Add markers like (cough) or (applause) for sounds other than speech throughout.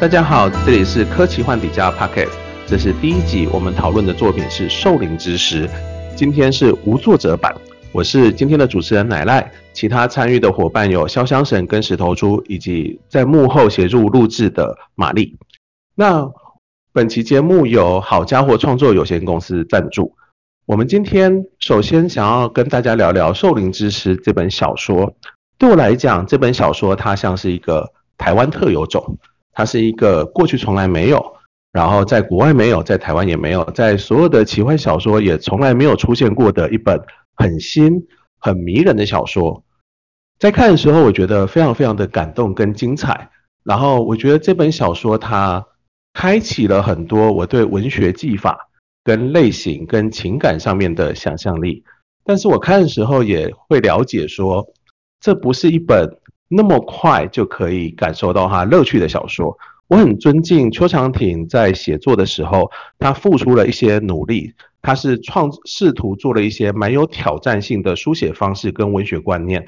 大家好，這裡是科奇幻底家 Pocket，這是第一集。我們討論的作品是《獸靈之詩》，今天是無作者版。我是今天的主持人乃賴，其他參與的夥伴有瀟湘神跟石頭書，以及在幕後協助錄製的馬立。那本期節目由好傢伙創作有限公司贊助。我們今天首先想要跟大家聊聊《獸靈之詩》這本小說。對我來講，這本小說它像是一個台灣特有種。它是一個過去從來沒有，然後在國外沒有，在台灣也沒有，在所有的奇幻小說也從來沒有出現過的一本很新、很迷人的小說。在看的時候，我覺得非常非常的感動跟精彩。然後我覺得這本小說它開啟了很多我對文學技法、跟類型、跟情感上面的想象力。但是我看的時候也會了解說，這不是一本。那麼快就可以感受到哈樂趣的小說，我很尊敬邱常婷在寫作的時候，他付出了一些努力，他是創，試圖做了一些蠻有挑戰性的書寫方式跟文學觀念。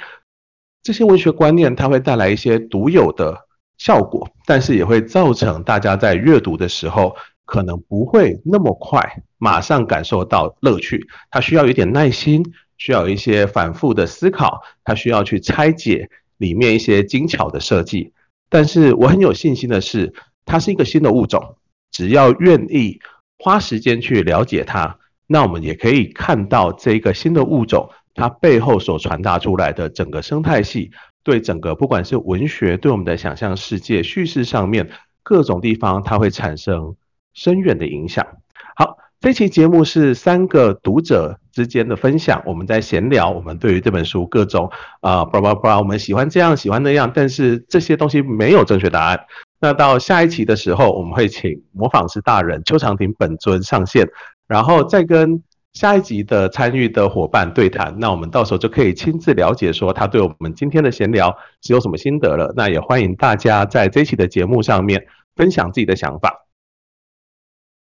這些文學觀念它會帶來一些獨有的效果，但是也會造成大家在閱讀的時候可能不會那麼快馬上感受到樂趣，他需要有一點耐心，需要一些反覆的思考，他需要去拆解。裡面一些精巧的設計，但是我很有信心的是，它是一個新的物種，只要願意花時間去了解它，那我們也可以看到這個新的物種，它背後所傳達出來的整個生態系，對整個不管是文學，對我們的想象世界、敘事上面各種地方，它會產生深遠的影響。好。這期節目是三個讀者之間的分享，我們在閒聊，我們對於這本書各種啊、呃，巴拉巴拉，我們喜歡這樣，喜歡那樣，但是這些東西沒有正確答案。那到下一期的時候，我們會請模仿師大人邱常婷本尊上線，然後再跟下一集的參與的夥伴對談，那我們到時候就可以親自了解說他對我們今天的閒聊是有什麼心得了。那也歡迎大家在這期的節目上面分享自己的想法。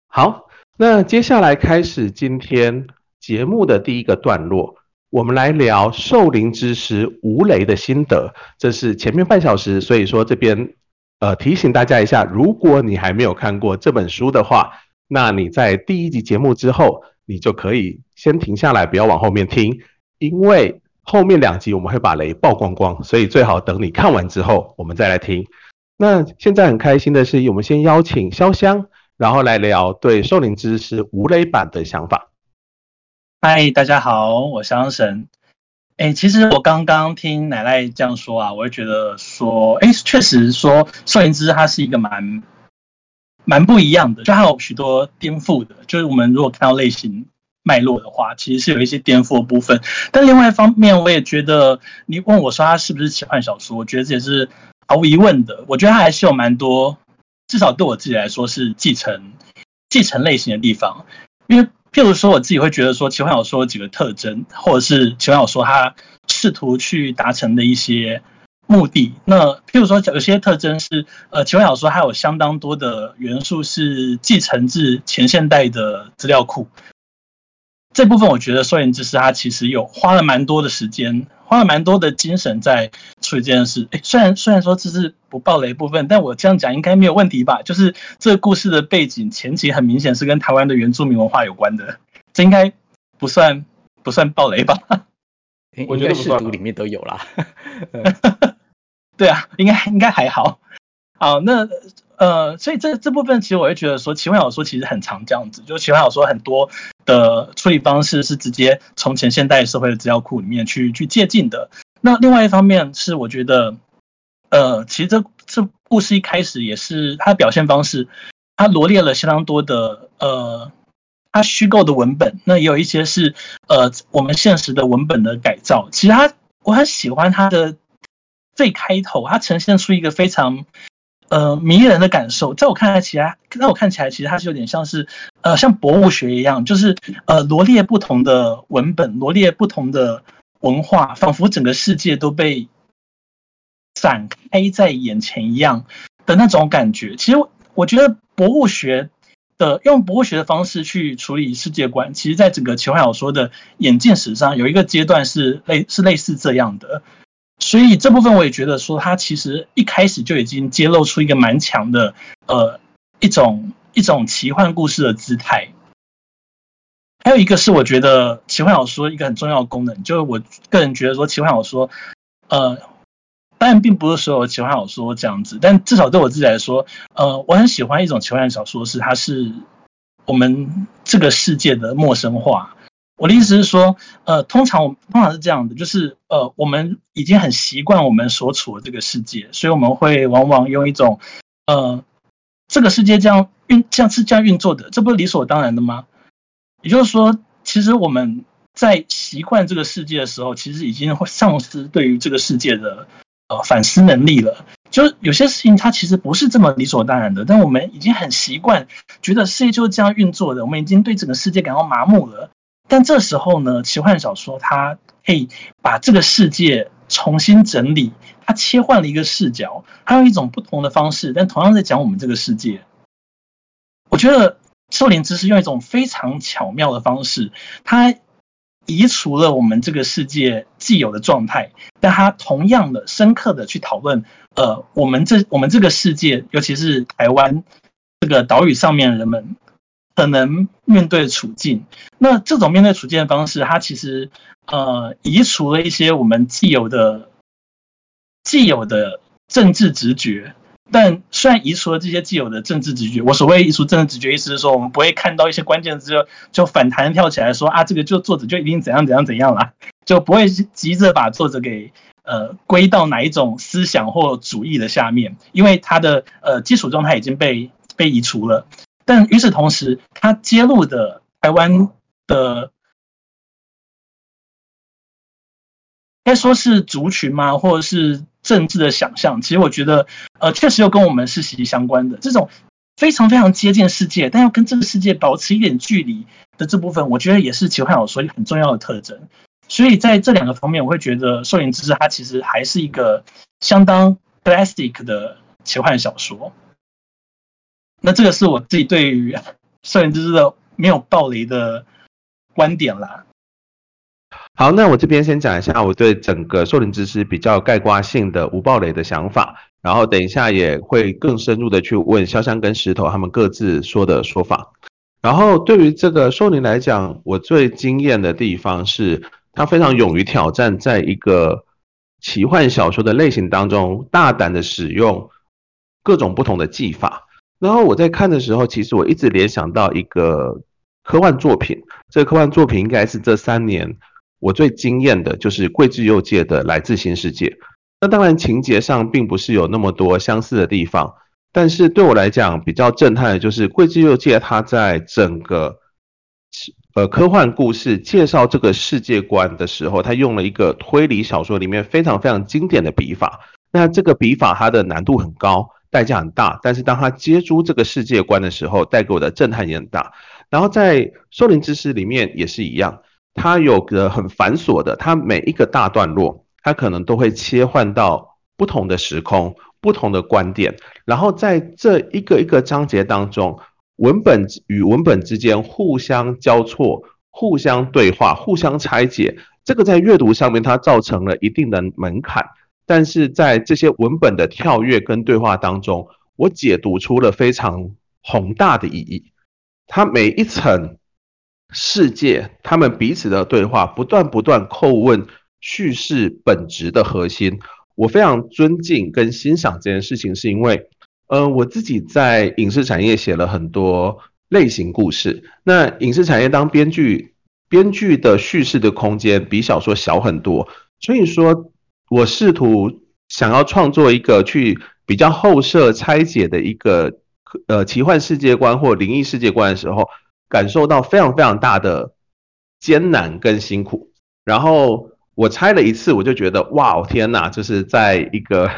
好。那接下來開始今天節目的第一個段落，我們來聊《獸靈之詩》無雷的心得。這是前面半小時，所以說這邊呃提醒大家一下，如果你還沒有看過這本書的話，那你在第一集節目之後，你就可以先停下來，不要往後面聽，因為後面兩集我們會把雷曝光光，所以最好等你看完之後，我們再來聽。那現在很開心的是，我們先邀請瀟湘。然後來聊對《獸靈之詩》無雷版的想法。嗨，大家好，我是瀟湘神。哎，其實我剛剛聽乃賴這樣說啊，我也覺得說，哎，確實說《獸靈之詩》它是一個蠻蠻不一樣的，就還有許多顛覆的。就是我們如果看到類型脈絡的話，其實是有一些顛覆的部分。但另外一方面，我也覺得你問我說他是不是奇幻小說，我覺得這也是毫無疑問的。我覺得他還是有蠻多。至少對我自己來說是繼承繼承類型的地方，因為譬如說我自己會覺得說奇幻小說有幾個特徵，或者是奇幻小說它試圖去達成的一些目的。那譬如說有些特徵是，呃，奇幻小說它有相當多的元素是繼承自前現代的資料庫，這部分我覺得說獸靈之詩它其實有花了蠻多的時間。花了蠻多的精神在處理這件事，哎，雖然雖然說這是不爆雷部分，但我這樣講應該沒有問題吧？就是這個故事的背景前期很明顯是跟台灣的原住民文化有關的，這應該不算不算爆雷吧？我覺得是讀裡面都有啦，哈哈，對啊，應該應該還好。好，那呃，所以這這部分其實我會覺得說，奇幻小說其實很常這樣子，就奇幻小說很多。的、呃、處理方式是直接從前現代社會的資料庫裡面去去借鑑的。那另外一方面是我覺得，呃，其實這這故事一開始也是它的表現方式，它羅列了相當多的呃，它虛構的文本，那也有一些是呃我們現實的文本的改造。其實它我很喜歡它的最開頭，它呈現出一個非常。呃，迷人的感受，在我看來，其實，在我看起來，其實它是有點像是，呃，像博物學一樣，就是呃，羅列不同的文本，羅列不同的文化，仿佛整個世界都被展開在眼前一樣的那種感覺。其實，我覺得博物學的用博物學的方式去處理世界觀，其實在整個奇幻小說的演進史上，有一個階段是類是類似這樣的。所以這部分我也覺得說，他其實一開始就已經揭露出一個蠻強的，呃，一種一種奇幻故事的姿態。還有一個是，我覺得奇幻小說一個很重要的功能，就是我個人覺得說，奇幻小說，呃，當然並不是所有奇幻小說這樣子，但至少對我自己來說，呃，我很喜歡一種奇幻小說，是它是我們這個世界的陌生化。我的意思是說，呃，通常我們通常是這樣的，就是呃，我們已經很習慣我們所處的這個世界，所以我們會往往用一種呃，這個世界這樣運，這樣是這樣運作的，這不是理所當然的嗎？也就是說，其實我們在習慣這個世界的時候，其實已經會喪失對於這個世界的呃反思能力了。就是有些事情它其實不是這麼理所當然的，但我們已經很習慣，覺得世界就是這樣運作的，我們已經對整個世界感到麻木了。但這時候呢，奇幻小說它可以把這個世界重新整理，它切換了一個視角，它用一種不同的方式，但同樣在講我們這個世界。我覺得《獸靈之詩》用一種非常巧妙的方式，它移除了我們這個世界既有的狀態，但它同樣的深刻的去討論，呃，我們這我們這個世界，尤其是台灣這個島嶼上面的人們。可能面對處境，那這種面對處境的方式，它其實呃移除了一些我們既有的既有的政治直覺。但雖然移除了這些既有的政治直覺，我所謂移除政治直覺，意思是說我們不會看到一些關鍵詞就，就反彈跳起來說啊這個就作者就一定怎樣怎樣怎樣了，就不會急着把作者給呃歸到哪一種思想或主義的下面，因為他的呃基礎狀態已經被被移除了。但與此同時，他揭露的台灣的，該說是族群嗎，或者是政治的想象？其實我覺得，呃，確實又跟我們是息息相關的。這種非常非常接近世界，但要跟這個世界保持一點距離的這部分，我覺得也是奇幻小說很重要的特徵。所以在這兩個方面，我會覺得《獸靈之詩》它其實還是一個相當 plastic 的奇幻小說。那這個是我自己對於獸靈之詩的沒有爆雷的觀點啦。好，那我這邊先講一下我對整個獸靈之詩比較概括性的無爆雷的想法，然後等一下也會更深入的去問瀟湘跟石頭他們各自說的說法。然後對於這個獸靈來講，我最驚艷的地方是他非常勇於挑戰，在一個奇幻小說的類型當中大膽的使用各種不同的技法。然後我在看的時候，其實我一直聯想到一個科幻作品。這個科幻作品應該是這三年我最驚艷的，就是貴志祐介的《來自新世界》。那當然情節上並不是有那麼多相似的地方，但是對我來講比較震撼的就是貴志祐介他在整個呃科幻故事介紹這個世界觀的時候，他用了一個推理小說裡面非常非常經典的筆法。那這個筆法它的難度很高。代價很大，但是當他接觸這個世界觀的時候，帶給我的震撼也很大。然後在《獸靈之詩》裡面也是一樣，它有個很繁瑣的，它每一個大段落，它可能都會切換到不同的時空、不同的觀點。然後在這一個一個章節當中，文本與文本之間互相交錯、互相對話、互相拆解，這個在閱讀上面它造成了一定的門檻。但是在這些文本的跳躍跟對話當中，我解讀出了非常宏大的意義。它每一層世界，他們彼此的對話，不斷不斷叩問敘事本質的核心。我非常尊敬跟欣賞這件事情，是因為，呃，我自己在影視產業寫了很多類型故事。那影視產業當編劇，編劇的敘事的空間比小說小很多，所以說，我試圖想要創作一個去比較後設拆解的一個呃奇幻世界觀或靈異世界觀的時候，感受到非常非常大的艱難跟辛苦。然後我拆了一次，我就覺得哇、哦、天哪！就是在一個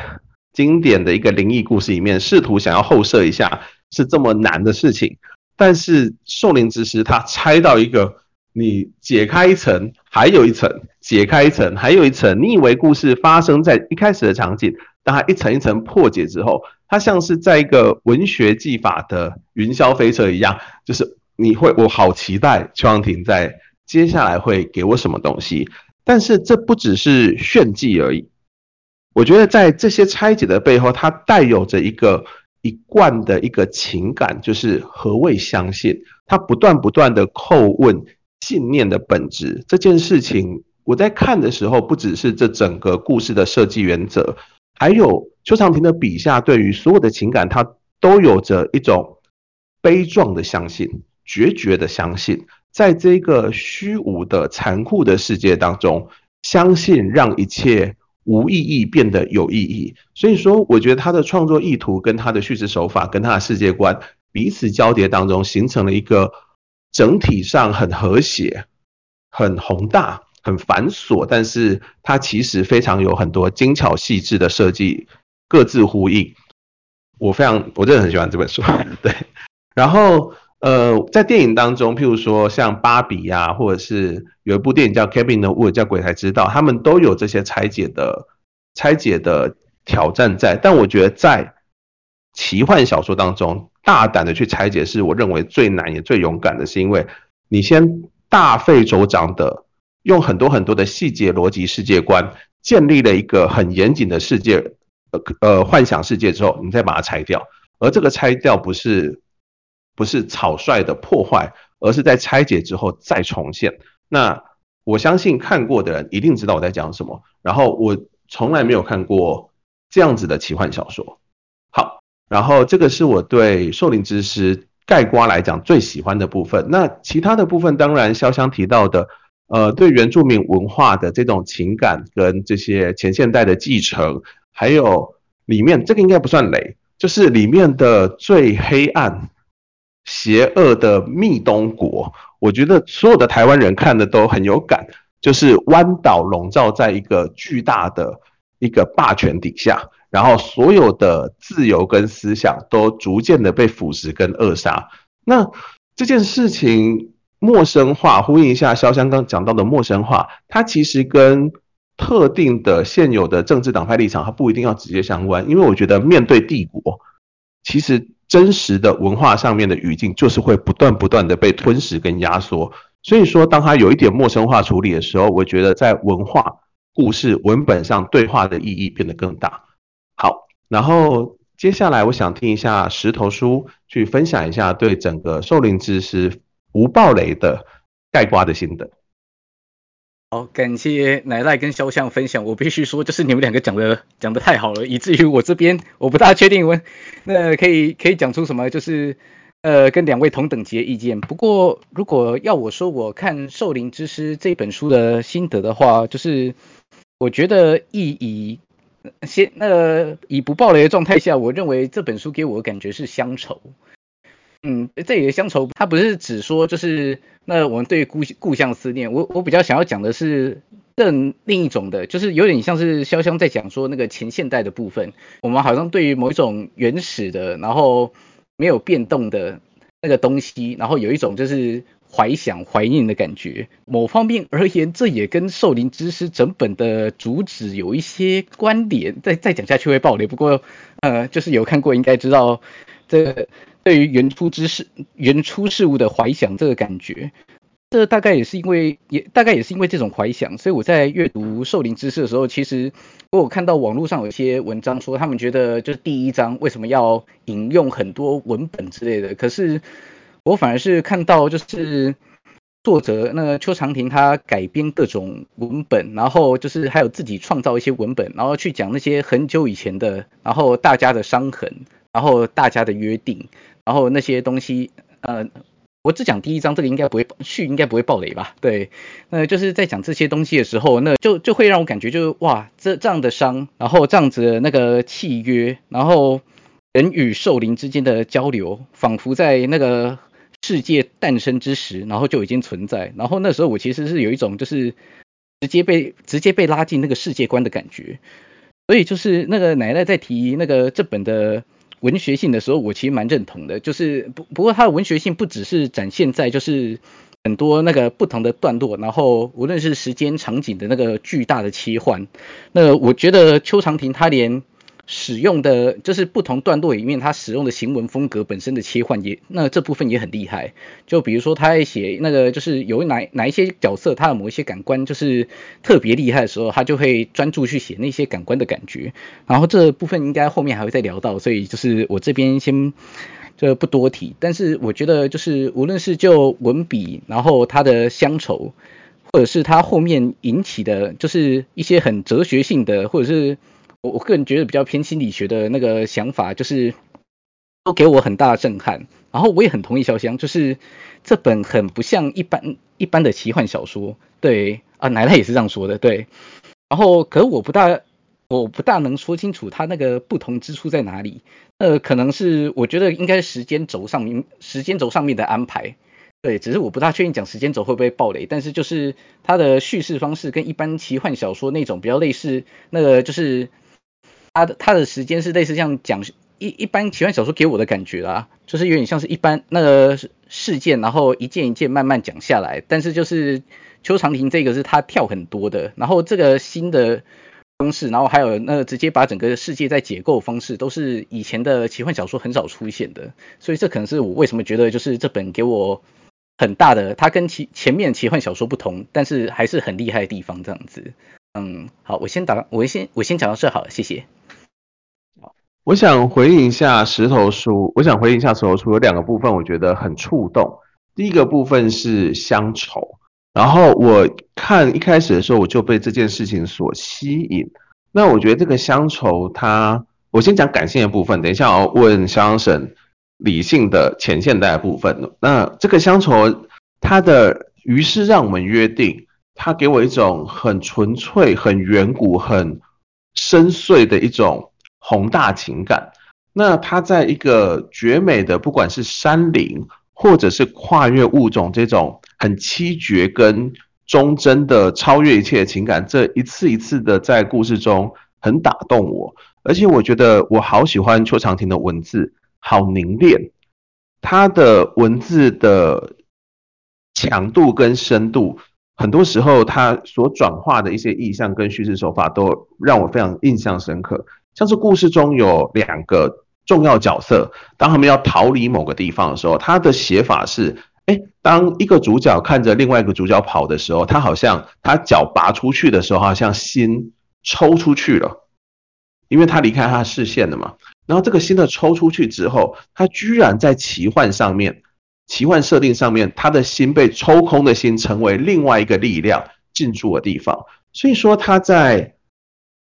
經典的一個靈異故事裡面，試圖想要後設一下是這麼難的事情。但是《獸靈之詩》他拆到一個。你解開一層，還有一層；解開一層，還有一層。你以為故事發生在一開始的場景，當它一層一層破解之後，它像是在一個文學技法的雲霄飛車一樣，就是你會，我好期待邱常婷在接下來會給我什麼東西。但是這不只是炫技而已，我覺得在這些拆解的背後，它帶有着一個一貫的一個情感，就是何謂相信？他不斷不斷的叩問。信念的本質這件事情，我在看的時候，不只是這整個故事的設計原則，還有邱常婷的筆下，對於所有的情感，他都有着一種悲壯的相信、決絕的相信，在這個虛無的殘酷的世界當中，相信讓一切無意義變得有意義。所以說，我覺得他的創作意圖、跟他的敘事手法、跟他的世界觀彼此交疊當中，形成了一個。整體上很和諧，很宏大，很繁瑣，但是它其實非常有很多精巧細緻的設計，各自呼應。我非常，我真的很喜歡這本書。對， (laughs) 然後呃，在電影當中，譬如說像芭比呀、啊，或者是有一部電影叫《Cabin in the Woods》，叫《鬼才之道》，他們都有這些拆解的、拆解的挑戰在。但我覺得在奇幻小說當中。大膽的去拆解，是我認為最難也最勇敢的，是因為你先大費周章的用很多很多的細節、邏輯、世界觀建立了一個很嚴謹的世界，呃，呃，幻想世界之後，你再把它拆掉，而這個拆掉不是，不是草率的破壞，而是在拆解之後再重現。那我相信看過的人一定知道我在講什麼，然後我從來沒有看過這樣子的奇幻小說。然後這個是我對《獸靈之詩》概括來講最喜歡的部分。那其他的部分，當然瀟湘提到的，呃，對原住民文化的這種情感跟這些前現代的繼承，還有裡面這個應該不算雷，就是裡面的最黑暗、邪惡的密東國，我覺得所有的台灣人看的都很有感，就是彎島籠罩在一個巨大的一個霸權底下。然後所有的自由跟思想都逐漸的被腐蝕跟扼殺。那這件事情陌生化，呼應一下瀟湘剛剛講到的陌生化，它其實跟特定的現有的政治黨派立場，它不一定要直接相關。因為我覺得面對帝國，其實真實的文化上面的語境就是會不斷不斷的被吞噬跟壓縮。所以說，當它有一點陌生化處理的時候，我覺得在文化故事文本上對話的意義變得更大。好，然後接下來我想聽一下石頭書去分享一下對整個《獸靈之詩》無爆雷的蓋棺的心得。好，感謝乃賴跟瀟湘分享，我必須說，就是你們兩個講的講得太好了，以至於我這邊我不大確定我那可以可以講出什麼，就是呃跟兩位同等級的意見。不過如果要我說我看《獸靈之詩》這本書的心得的話，就是我覺得意義。先，那以不爆雷的狀態下，我認為這本書給我的感覺是鄉愁。嗯，這裡的鄉愁，它不是只說就是那我們對故故鄉思念。我我比較想要講的是另另一種的，就是有點像是瀟湘在講說那個前現代的部分，我們好像對於某一種原始的，然後沒有變動的那個東西，然後有一種就是。懷想、懷念的感覺，某方面而言，這也跟《獸靈之詩》整本的主旨有一些關聯。再再講下去會爆雷，不過呃，就是有看過應該知道，這對於原初之事、原初事物的懷想這個感覺，這大概也是因為，也大概也是因為這種懷想，所以我在閱讀《獸靈之詩》的時候，其實我有看到網絡上有一些文章說，他們覺得就是第一章為什麼要引用很多文本之類的，可是，我反而是看到，就是作者那個邱常婷他改編各種文本，然後就是還有自己創造一些文本，然後去講那些很久以前的，然後大家的傷痕，然後大家的約定，然後那些東西，呃，我只講第一章，這個應該不會去，應該不會爆雷吧？對，那就是在講這些東西的時候，那就就會讓我感覺就是、哇，這這樣的傷，然後這樣子的那個契約，然後人與獸靈之間的交流，仿佛在那個。世界誕生之時，然後就已經存在。然後那時候我其實是有一種就是直接被直接被拉進那個世界觀的感覺。所以就是那個乃賴在提那個這本的文學性的時候，我其實蠻認同的。就是不不過它的文學性不只是展現在就是很多那個不同的段落，然後無論是時間場景的那個巨大的切換，那我覺得邱常婷他連。使用的就是不同段落裡面，他使用的行文風格本身的切換也，那這部分也很厲害。就比如說他在寫那個，就是有哪哪一些角色，他的某一些感官就是特別厲害的時候，他就會專注去寫那些感官的感覺。然後這部分應該後面還會再聊到，所以就是我這邊先就不多提。但是我覺得就是無論是就文筆，然後他的鄉愁，或者是他後面引起的，就是一些很哲學性的，或者是。我我個人覺得比較偏心理學的那個想法，就是都給我很大的震撼，然後我也很同意瀟湘，就是這本很不像一般一般的奇幻小說，對啊，乃賴也是這樣說的，對，然後可我不大我不大能說清楚他那個不同之處在哪裡，呃，可能是我覺得應該時間軸上面時間軸上面的安排，對，只是我不大確定講時間軸會不會爆雷，但是就是他的敘事方式跟一般奇幻小說那種比較類似，那個就是。他的他的時間是類似這樣講，一一般奇幻小說給我的感覺啦，就是有點像是一般那個事件，然後一件一件慢慢講下來。但是就是邱常婷這個是他跳很多的，然後這個新的方式，然後還有那個直接把整個世界在解構方式，都是以前的奇幻小說很少出現的。所以這可能是我為什麼覺得就是這本給我很大的，它跟其前面奇幻小說不同，但是還是很厲害的地方這樣子。嗯，好，我先打，我先我先講到這好了，謝謝。我想回應一下石頭書，我想回應一下石頭書有兩個部分，我覺得很觸動。第一個部分是鄉愁，然後我看一開始的時候，我就被這件事情所吸引。那我覺得這個鄉愁它，它我先講感性的部分，等一下我要問瀟湘神理性的前現代的部分。那這個鄉愁，它的於是讓我們約定，它給我一種很純粹、很遠古、很深邃的一種。宏大情感，那他在一個絕美的，不管是山林，或者是跨越物種這種很淒絕跟忠貞的超越一切的情感，這一次一次的在故事中很打動我，而且我覺得我好喜歡邱常婷的文字，好凝練，他的文字的強度跟深度，很多時候他所轉化的一些意象跟敘事手法都讓我非常印象深刻。像是故事中有兩個重要角色，當他們要逃離某個地方的時候，他的寫法是：哎、欸，當一個主角看着另外一個主角跑的時候，他好像他腳拔出去的時候，好像心抽出去了，因為他離開他視線了嘛。然後這個心的抽出去之後，他居然在奇幻上面、奇幻設定上面，他的心被抽空的心成為另外一個力量進駐的地方。所以說他在。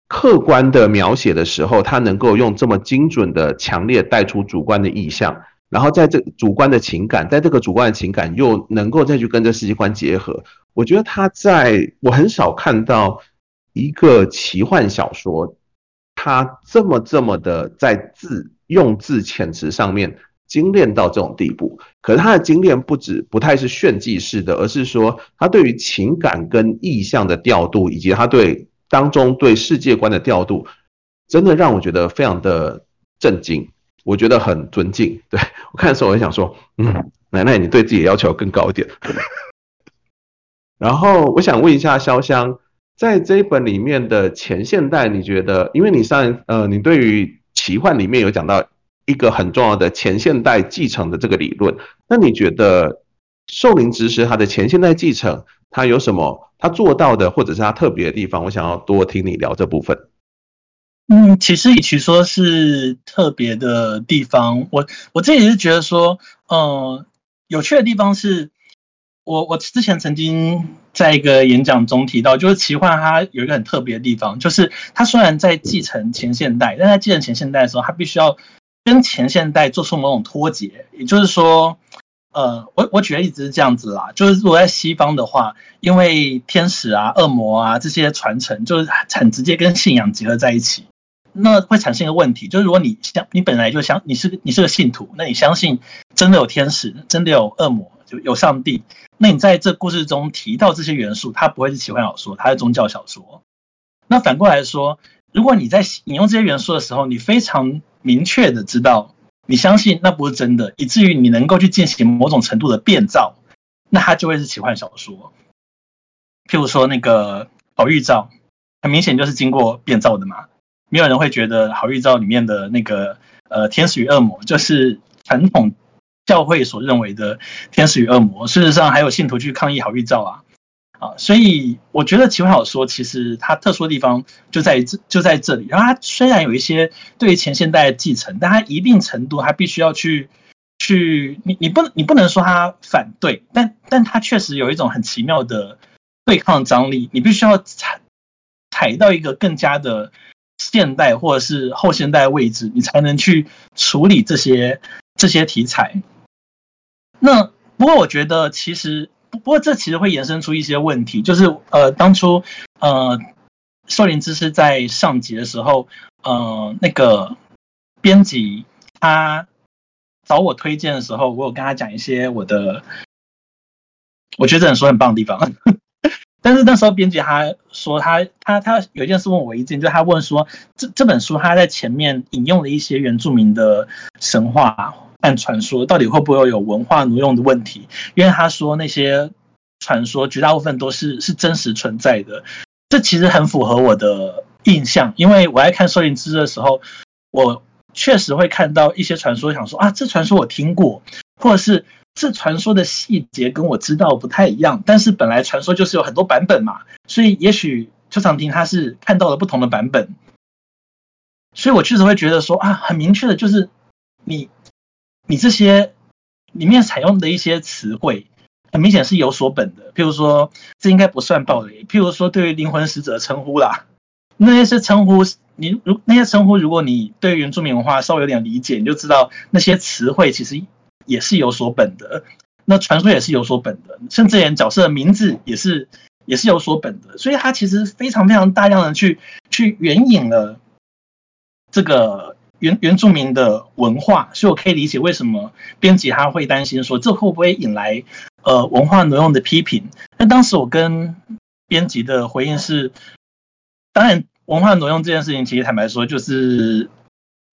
客觀的描寫的時候，他能夠用這麼精準的、強烈帶出主觀的意象，然後在這主觀的情感，在這個主觀的情感又能夠再去跟這世界觀結合。我覺得他在，我很少看到一個奇幻小說，他這麼這麼的在字用字遣詞上面精煉到這種地步。可是他的精煉不止不太是炫技式的，而是說他對於情感跟意象的調度，以及他對。當中對世界觀的調度，真的讓我覺得非常的震驚，我覺得很尊敬。對，我看的時候，我就想說，嗯，乃賴你對自己的要求更高一點。 (laughs) 然後我想問一下瀟湘，在這一本裡面的前現代，你覺得，因為你上，呃，你對於奇幻裡面有講到一個很重要的前現代繼承的這個理論，那你覺得《獸靈之詩》它的前現代繼承？他有什麼？他做到的，或者是他特別的地方，我想要多聽你聊這部分。嗯，其實與其說是特別的地方，我我自己是覺得說，嗯，有趣的地方是，我我之前曾經在一個演講中提到，就是奇幻它有一個很特別的地方，就是它雖然在繼承前現代，嗯，但在繼承前現代的時候，它必須要跟前現代做出某種脫節，也就是說。呃，我我舉的例子是這樣子啦，就是如果在西方的話，因為天使啊、惡魔啊這些傳承，就是很直接跟信仰結合在一起，那會產生一個問題，就是如果你相，你本來就想，你是你是個信徒，那你相信真的有天使，真的有惡魔，就有上帝，那你在這故事中提到這些元素，它不會是奇幻小說，它是宗教小說。那反過來說，如果你在引用這些元素的時候，你非常明確的知道。你相信那不是真的，以至於你能夠去進行某種程度的變造，那它就會是奇幻小說。譬如說那個好預兆，很明顯就是經過變造的嘛。沒有人會覺得好預兆裡面的那個呃天使與惡魔，就是傳統教會所認為的天使與惡魔。事實上，還有信徒去抗議好預兆啊。啊，所以我覺得奇幻小說其實它特殊的地方就在於這，就在這裡。然後它雖然有一些對於前現代的繼承，但它一定程度它必須要去去，你你不你不能說它反對，但但它確實有一種很奇妙的對抗張力。你必須要踩踩到一個更加的現代或者是後現代位置，你才能去處理這些這些題材。那不過我覺得其實。不過這其實會延伸出一些問題，就是呃當初呃獸靈之詩在上集的時候，呃那個編輯他找我推薦的時候，我有跟他講一些我的我覺得這本書很棒的地方。 (laughs) 但是那時候編輯他說，他他他有一件事問我，一件就他問說，這這本書他在前面引用了一些原住民的神話和傳說，到底會不會有文化挪用的問題？因為他說那些傳說絕大部分都是是真實存在的，這其實很符合我的印象，因為我在看《獸靈之詩》的時候，我確實會看到一些傳說，想說啊這傳說我聽過，或者是。這傳說的細節跟我知道不太一樣，但是本來傳說就是有很多版本嘛，所以也許邱常婷他是看到了不同的版本，所以我確實會覺得說啊，很明確的就是你你這些裡面採用的一些詞彙，很明顯是有所本的。譬如說這應該不算爆雷，譬如說對於靈魂使者稱呼啦，那些是稱呼你如那些稱呼，如果你對於原住民文化稍微有點理解，你就知道那些詞彙其實。也是有所本的，那傳說也是有所本的，甚至連角色的名字也是也是有所本的，所以他其實非常非常大量的去去援引了這個原原住民的文化，所以我可以理解為什麼編輯他會擔心說，這會不會引來呃文化挪用的批評。那當時我跟編輯的回應是，當然文化挪用這件事情其實坦白說就是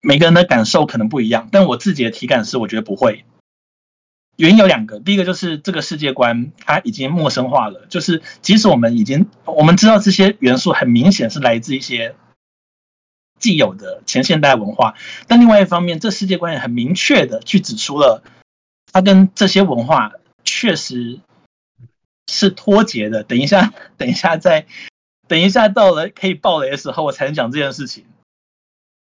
每個人的感受可能不一樣，但我自己的體感是我覺得不會。原因有兩個，第一個就是這個世界觀它已經陌生化了，就是即使我們已經我們知道這些元素很明顯是來自一些既有的前現代文化，但另外一方面，這世界觀也很明確的去指出了它跟這些文化確實是脫節的，等一下，等一下再，等一下到了可以爆雷的時候，我才能講這件事情。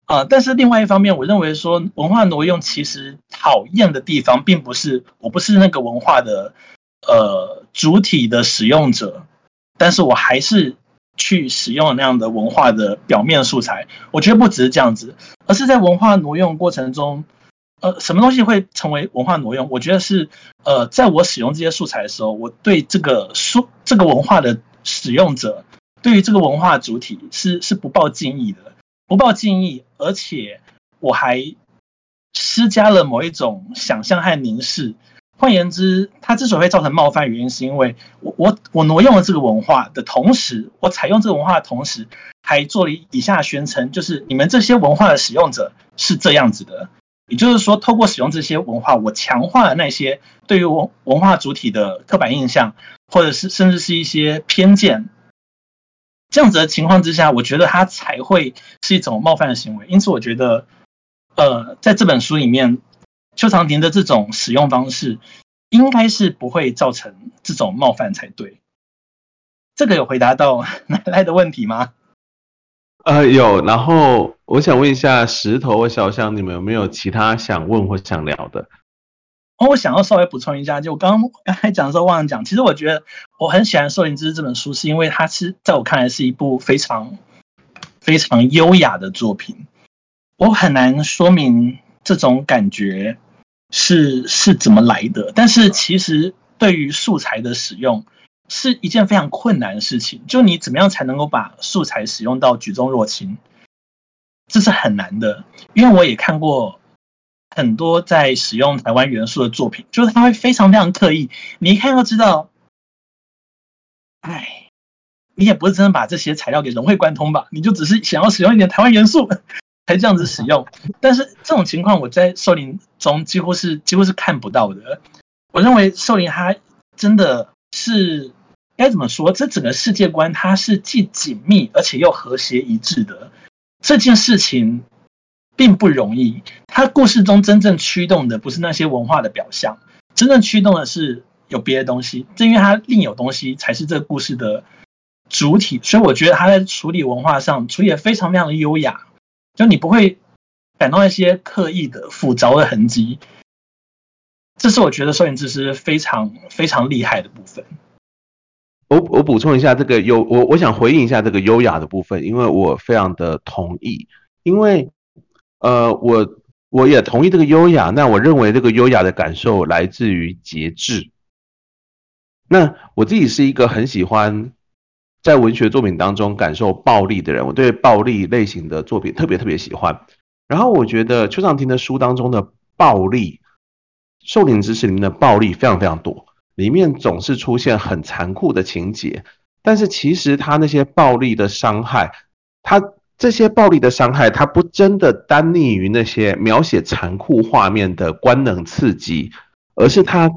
啊、呃，但是另外一方面，我認為說文化挪用其實討厭的地方，並不是我不是那個文化的呃主體的使用者，但是我還是去使用那樣的文化的表面素材。我覺得不只是這樣子，而是在文化挪用過程中，呃，什麼東西會成為文化挪用？我覺得是呃，在我使用這些素材的時候，我對這個書這個文化的使用者，對於這個文化主體是是不抱敬意的。不抱敬意，而且我還施加了某一種想象和凝視。換言之，它之所以會造成冒犯原因，是因為我我我挪用了這個文化的同時，我採用這個文化的同時，還做了以下宣稱：就是你們這些文化的使用者是這樣子的。也就是說，透過使用這些文化，我強化了那些對於文化主體的刻板印象，或者是甚至是一些偏見。這樣子的情況之下，我覺得他才會是一種冒犯的行為。因此，我覺得，呃，在這本書裡面，邱長廷的這種使用方式，應該是不會造成這種冒犯才對。這個有回答到乃 (laughs) 賴的問題嗎？呃，有。然後，我想問一下石頭和瀟湘，你們有沒有其他想問或想聊的？我想要稍微補充一下，就我剛剛才講的時候忘了講。其實我覺得我很喜歡《獸靈之詩》這本書，是因為它是在我看來是一部非常非常優雅的作品。我很難說明這種感覺是是怎麼來的，但是其實對於素材的使用是一件非常困難的事情。就你怎麼樣才能夠把素材使用到舉重若輕，這是很難的。因為我也看過。很多在使用台灣元素的作品，就是他會非常非常刻意，你一看就知道，哎，你也不是真的把這些材料給融會貫通吧？你就只是想要使用一點台灣元素才這樣子使用。但是這種情況我在《獸靈》中幾乎是幾乎是看不到的。我認為《獸靈》它真的是該怎麼說？這整個世界觀它是既緊密而且又和諧一致的。這件事情。並不容易。他故事中真正驅動的不是那些文化的表象，真正驅動的是有別的東西。正因為它另有東西才是這個故事的主體，所以我覺得他在處理文化上處理的非常非常的優雅，就你不會感到一些刻意的斧鑿的痕跡。這是我覺得獸靈之詩非常非常厲害的部分。我我補充一下這個優，我我想回應一下這個優雅的部分，因為我非常的同意，因為。呃，我我也同意這個優雅。那我認為這個優雅的感受來自於節制。那我自己是一個很喜歡在文學作品當中感受暴力的人，我對暴力類型的作品特別特別喜歡。然後我覺得邱常婷的書當中的暴力，獸靈之詩裡面的暴力非常非常多，裡面總是出現很殘酷的情節，但是其實他那些暴力的傷害，他。這些暴力的傷害，它不真的單立於那些描寫殘酷畫面的官能刺激，而是他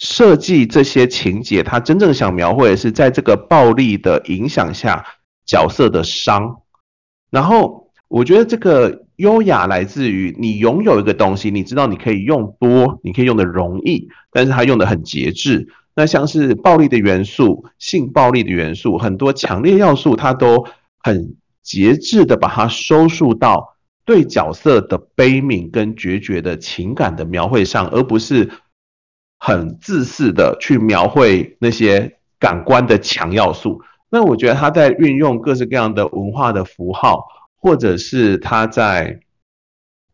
設計這些情節，他真正想描繪的是在這個暴力的影響下角色的傷。然後我覺得這個優雅來自於你擁有一個東西，你知道你可以用多，你可以用得容易，但是它用得很節制。那像是暴力的元素、性暴力的元素，很多強烈要素它都很。節制的把它收束到對角色的悲憫跟決絕的情感的描繪上，而不是很自私的去描繪那些感官的強要素。那我覺得他在運用各式各樣的文化的符號，或者是他在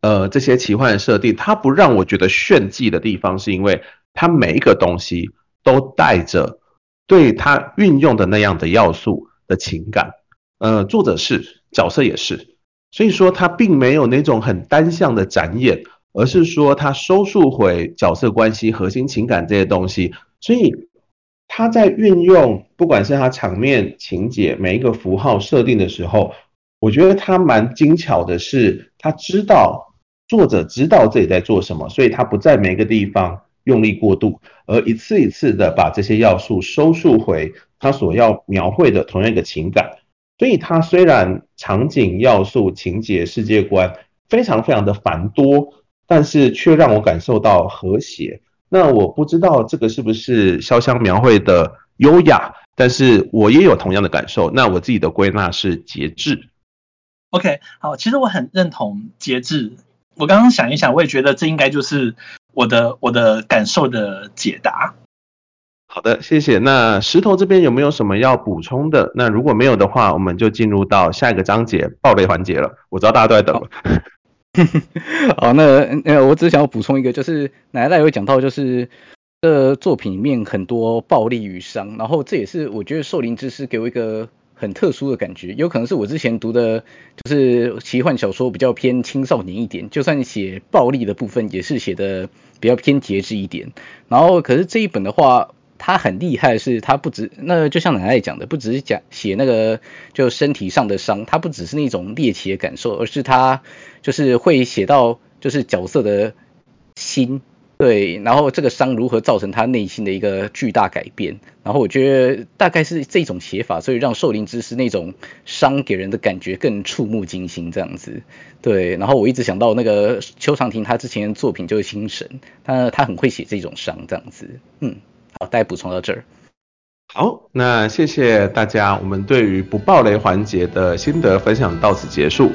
呃這些奇幻的設定，他不讓我覺得炫技的地方，是因為他每一個東西都帶着對他運用的那樣的要素的情感。呃，作者是角色也是，所以說他並沒有那種很單向的展演，而是說他收束回角色關係、核心情感這些東西。所以他在運用，不管是他場面、情節、每一個符號設定的時候，我覺得他蠻精巧的是，是他知道作者知道自己在做什麼，所以他不在每一個地方用力過度，而一次一次的把這些要素收束回他所要描繪的同樣一個情感。所以它雖然場景要素、情節、世界觀非常非常的繁多，但是卻讓我感受到和諧。那我不知道這個是不是瀟湘描繪的優雅，但是我也有同樣的感受。那我自己的歸納是節制。OK，好，其實我很認同節制。我剛剛想一想，我也覺得這應該就是我的我的感受的解答。好的，謝謝。那石頭這邊有沒有什麼要補充的？那如果沒有的話，我們就進入到下一個章節，爆雷環節了。我知道大家都在等。好， (laughs) 好那呃，那我只想要補充一個，就是乃賴有講到，就是這個、作品裡面很多暴力與傷，然後這也是我覺得《獸靈之詩》給我一個很特殊的感覺。有可能是我之前讀的，就是奇幻小說比較偏青少年一點，就算寫暴力的部分，也是寫的比較偏節制一點。然後可是這一本的話。他很厲害的是，他不只那就像奶奶講的，不只是講寫那個就身體上的傷，他不只是那種獵奇的感受，而是他就是會寫到就是角色的心，對，然後這個傷如何造成他內心的一個巨大改變，然後我覺得大概是這種寫法，所以讓《獸靈之詩》那種傷給人的感覺更觸目驚心這樣子，對，然後我一直想到那個邱常婷，他之前的作品就是《新神》，他他很會寫這種傷這樣子，嗯。好，哦，再補充到這兒。好，那謝謝大家，我們對於不爆雷環節的心得分享到此結束。